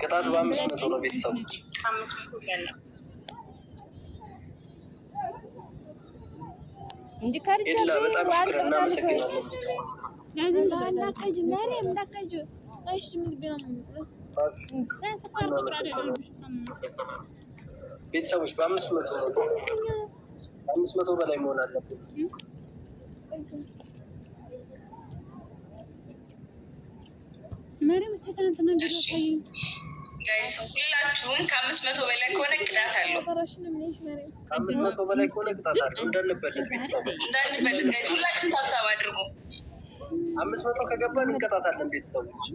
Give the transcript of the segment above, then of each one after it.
ቅጣት በአምስት መቶ ነው ቤተሰቦች ቤተሰቦች በአምስት መቶ በላይ መሆን አለብን። ማርያም እስኪ ትናንትና ቢያሳየኝ ሁላችሁም ከአምስት መቶ በላይ ከሆነ ቅጣት ከአምስት መቶ በላይ ከሆነ ቅጣት አለው። ጋይስ ሁላችሁም ታብታብ አድርጉ። አምስት መቶ እንቀጣታለን። ቤተሰቦች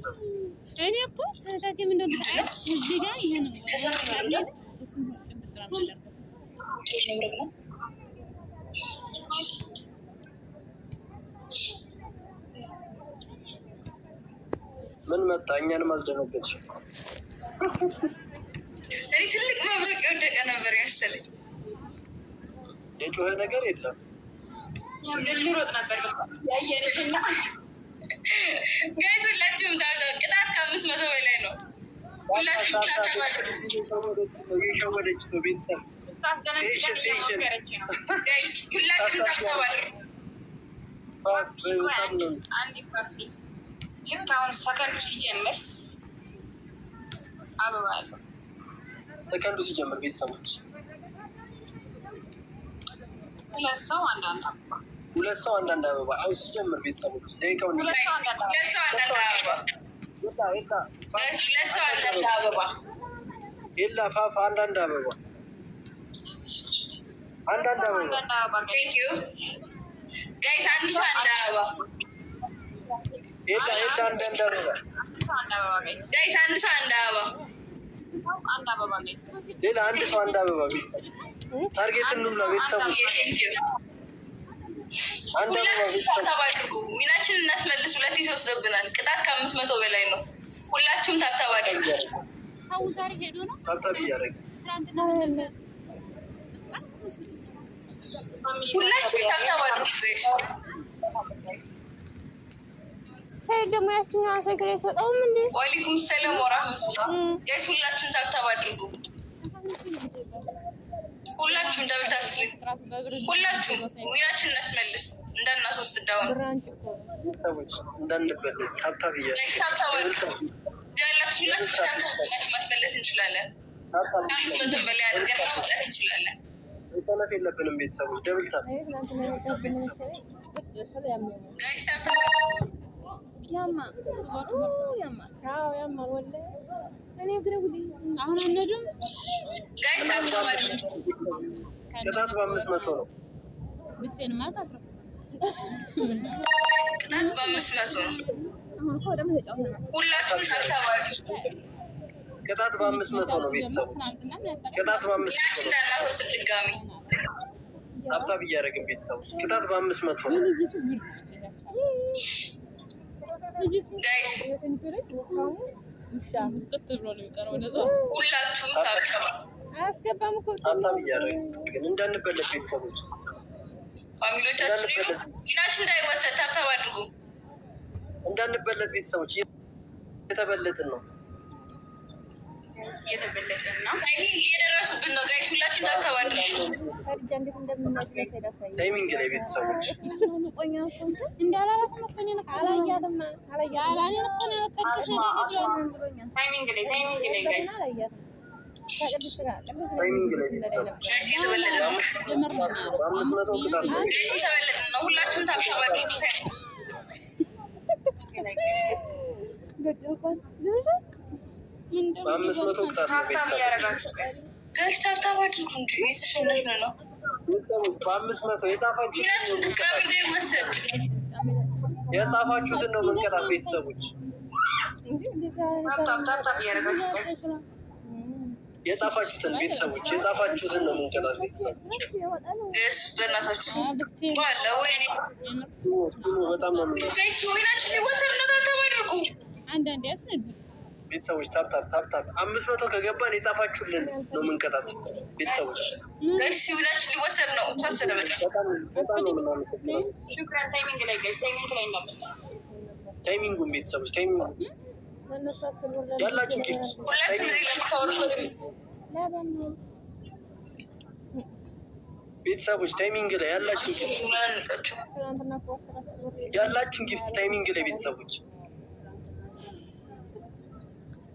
እኔ እኮ ስህተት የምንደግ እዚህ ጋር ይሄ ነው። ምን መጣ? እኛን ማስደነገጥሽ። እኔ ትልቅ መብረቅ የወደቀ ነበር ያሰለኝ። የጮኸ ነገር የለም። ሮጥ ነበር ሁላችሁም ታውቀ ቅጣት ከአምስት መቶ በላይ ነው። ሁላችሁም ታተባለች ነው ቤተሰብ ሁላችሁም ግን በአሁኑ ሰከንዱ ሲጀምር አበባ ያለው ሰከንዱ ሲጀምር ቤተሰቦች ሁለት ሰው አንዳንድ አበባ ሁለት ሰው አንዳንድ አበባ አሁን ሲጀምር ቤተሰቦች ደቂቃው ሁለት ሰው አንዳንድ አበባ ሁለት ሰው አንዳንድ አበባ የላ ፋፋ አንዳንድ አበባ አንዳንድ አበባ ጋይስ አንድ ሰው አንድ አበባ አንድ ሰው አንድ አበባ ሌላ አንድ ሰው አንድ አበባ ታርጌት እንብላ። ቤተሰቦች አንድ አበባ አድርጉ። ሚናችን እናስመልስ። ሁለት ይወስደብናል። ቅጣት ከአምስት መቶ በላይ ነው። ሁላችሁም ታብታብ አድርጉ። ሰው ዛሬ ሄዶ ነው ታብታብ እያደረገ ሁላችሁም ታብታብ አድርጉ። ሰይድ ደግሞ ያችኛዋን ሰግር አይሰጠውም እንዴ? ወአለይኩም ሰላም ወራህመቱላህ። ጋይስ ሁላችሁም ታብታብ አድርጉ። ሁላችሁም ደብል ታስክ ሁላችሁም ዊናችን እናስመልስ፣ እንዳናስወስድ አሁን ያላችሁ ማስመለስ እንችላለን። አምስት መቶ በላይ አድርገን ማውጣት እንችላለን። ሰነፍ የለብንም ቤተሰቦች ደብል ታብ ያማል ያማል ያማል ወላሂ እኔ እግሬ ሁሌ አሁን አንሄድም በአምስት መቶ ነው ብቻዬን ቅጣት በአምስት መቶ ነው ቤተሰቡ ቅጣት ድጋሚ ታብታብ እያደረግን ቤተሰቡ ቅጣት በአምስት መቶ ነው አያስገባም እኮ እንዳንበለት ቤተሰቦች ፋሚሊዎቻችን እንዳይወሰድ ታብታብ አድርጉ እንዳንበለት ቤተሰቦች እየተበለጥን ነው። እየተገለጸ ነው። እየደረሱብን ነው። ጋይስ ሁላችን ታከባድ በአምስት መቶ ቅጣት ጋሽ ታብታብ አድርጉ እንጂ የተሸነፍን ነው። በአምስት መቶ የጻፋችሁትን ነው መንቀጣት። ቤተሰቦች የጻፋችሁትን ቤተሰቦች የጻፋችሁትን ነው መንቀጣት። ቤተሰቦች በእናታችሁ በጣም ነው ወይናችን ሊወሰድ ነው። ታብታብ አድርጉ ያስነዱት ቤተሰቦች ታብታብ ታብታብ አምስት መቶ ከገባን የጻፋችሁልን ነው ምንቀጣት። ቤተሰቦች እሺ፣ ሁላችን ሊወሰድ ነው። ታይሚንጉን ቤተሰቦች ታይሚንጉ ያላችሁ ጊፍት ሁላችሁም እዚህ ለምታወሩ ቤተሰቦች ታይሚንግ ላይ ያላችሁ ያላችሁን ጊፍት ታይሚንግ ላይ ቤተሰቦች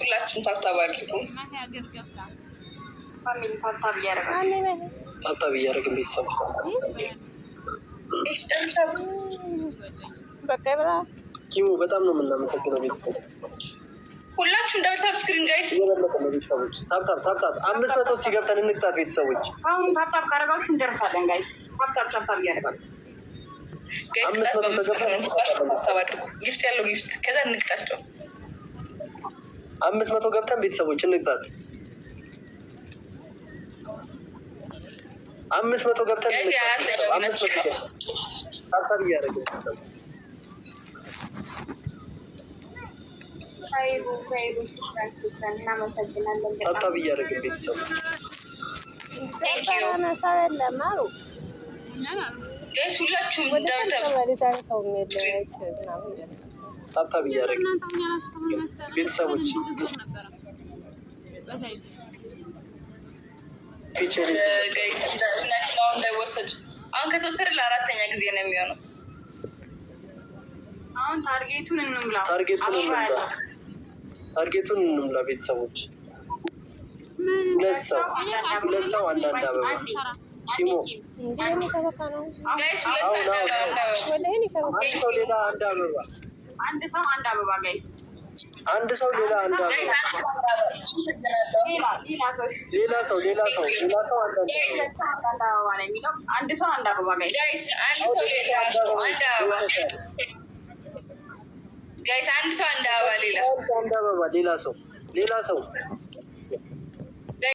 ሁላችሁም ታብታብ አድርጉ። ታብታብ እያደረግን ቤተሰብ ኪሙ በጣም ነው የምናመሰግነው ቤተሰብ ሁላችሁም ዳብታብ ስክሪን ጋይስ ቤተሰቦች። ታብታብ ታብታብ አምስት መቶ ሲገብተን እንቅጣት ቤተሰቦች። አሁን ታብታብ ካረጋችሁ እንደርሳለን ጋይስ። ታብታብ ታብታብ እያደረጋችሁ ጋይስ ቅጣት በምስክር ታብታብ አድርጉ። ጊፍት ያለው ጊፍት ከዛ እንቅጣቸው። አምስት መቶ ገብተን ቤተሰቦች እንግዛት። አምስት መቶ ገብተን ታሳብ እያደረገ ቤተሰቡ ሁላችሁም ሰው ታታ ብያደረግ ቤተሰቦች እንዳይወሰድ አሁን ከተወሰደ ለአራተኛ ጊዜ ነው የሚሆነው። አሁን ታርጌቱን እንምላ፣ ታርጌቱን እንምላ ቤተሰቦች። ሁለት ሰው ሁለት ሰው አንዳንድ አበባ ሌላ አንድ አበባ አንድ ሰው አንድ አበባ ጋይ አንድ ሰው ሌላ አንድ አበባ ሰው ሌላ ሰው ሌላ አንድ ሰው አንድ አበባ ጋይስ አንድ ሰው ሌላ አንድ አበባ ሌላ ሰው ሌላ ሰው